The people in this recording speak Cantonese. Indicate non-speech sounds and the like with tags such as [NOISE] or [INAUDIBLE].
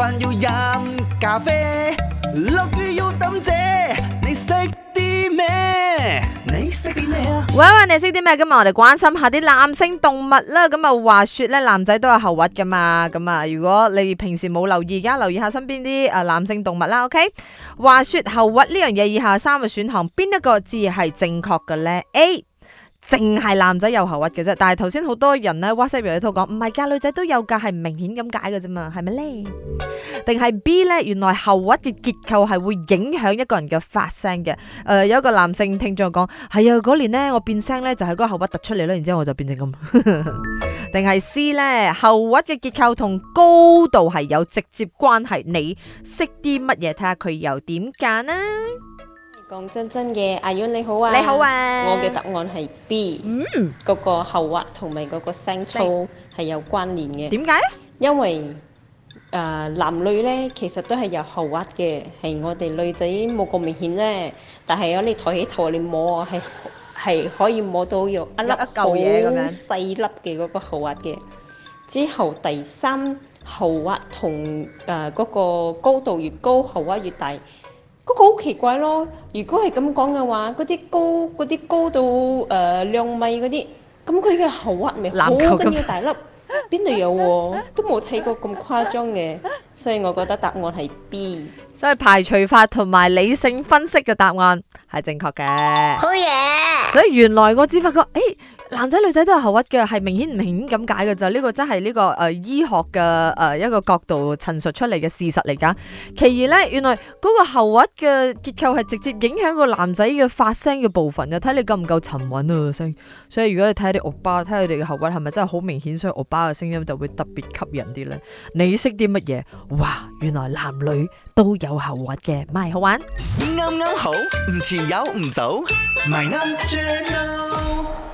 要飲咖啡，落雨要等姐，你識啲咩？你識啲咩啊？喂，我話你識啲咩？咁啊，今日我哋關心下啲男性動物啦。咁啊，話說咧，男仔都有喉核噶嘛。咁啊，如果你平時冇留意，而家留意下身邊啲啊男性動物啦。OK，話說喉核呢樣嘢，以下三個選項邊一個字係正確嘅咧淨係男仔有喉核嘅啫，但係頭先好多人呢 WhatsApp 楊宇濤講唔係架，女仔都有架，係唔明顯咁解嘅啫嘛，係咪呢？定係 B 呢？原來喉核嘅結構係會影響一個人嘅發聲嘅。誒、呃，有一個男性聽眾講：係、哎、啊，嗰年呢我變聲呢，就係個喉核突出嚟啦，然之後我就變成咁。定 [LAUGHS] 係 C 呢？喉核嘅結構同高度係有直接關係。你識啲乜嘢？睇下佢又點揀呢？講真真嘅，阿軟你好啊！你好啊！我嘅答案係 B，嗰個喉核同埋嗰個聲粗係有關聯嘅。點解咧？因為誒，男女咧其實都係有喉核嘅，係我哋女仔冇咁明顯啫。但係如果你抬起頭，你摸啊，係係可以摸到有一粒一嚿嘢咁樣細粒嘅嗰個喉核嘅。之後第三喉核，同誒嗰個高度越高，喉核越大。嗰個好奇怪咯。如果係咁講嘅話，嗰啲高嗰啲高到誒兩米嗰啲，咁佢嘅喉核咪好得意大粒，邊度有喎、啊？ [LAUGHS] 都冇睇過咁誇張嘅，所以我覺得答案係 B，所以排除法同埋理性分析嘅答案係正確嘅。好嘢！所以原來我只發覺，誒、欸。男仔女仔都有喉核嘅，係明顯唔明顯咁解嘅，就呢個真係呢個誒醫學嘅誒一個角度陳述出嚟嘅事實嚟噶。其二咧，原來嗰個喉核嘅結構係直接影響個男仔嘅發聲嘅部分嘅，睇你夠唔夠沉穩啊聲。所以如果你睇下啲歐巴，睇下佢哋嘅喉核係咪真係好明顯，所以歐巴嘅聲音就會特別吸引啲咧。你識啲乜嘢？哇，原來男女都有喉核嘅，咪好玩？啱啱，嗯嗯，好，唔遲有唔早，咪啱 My、嗯嗯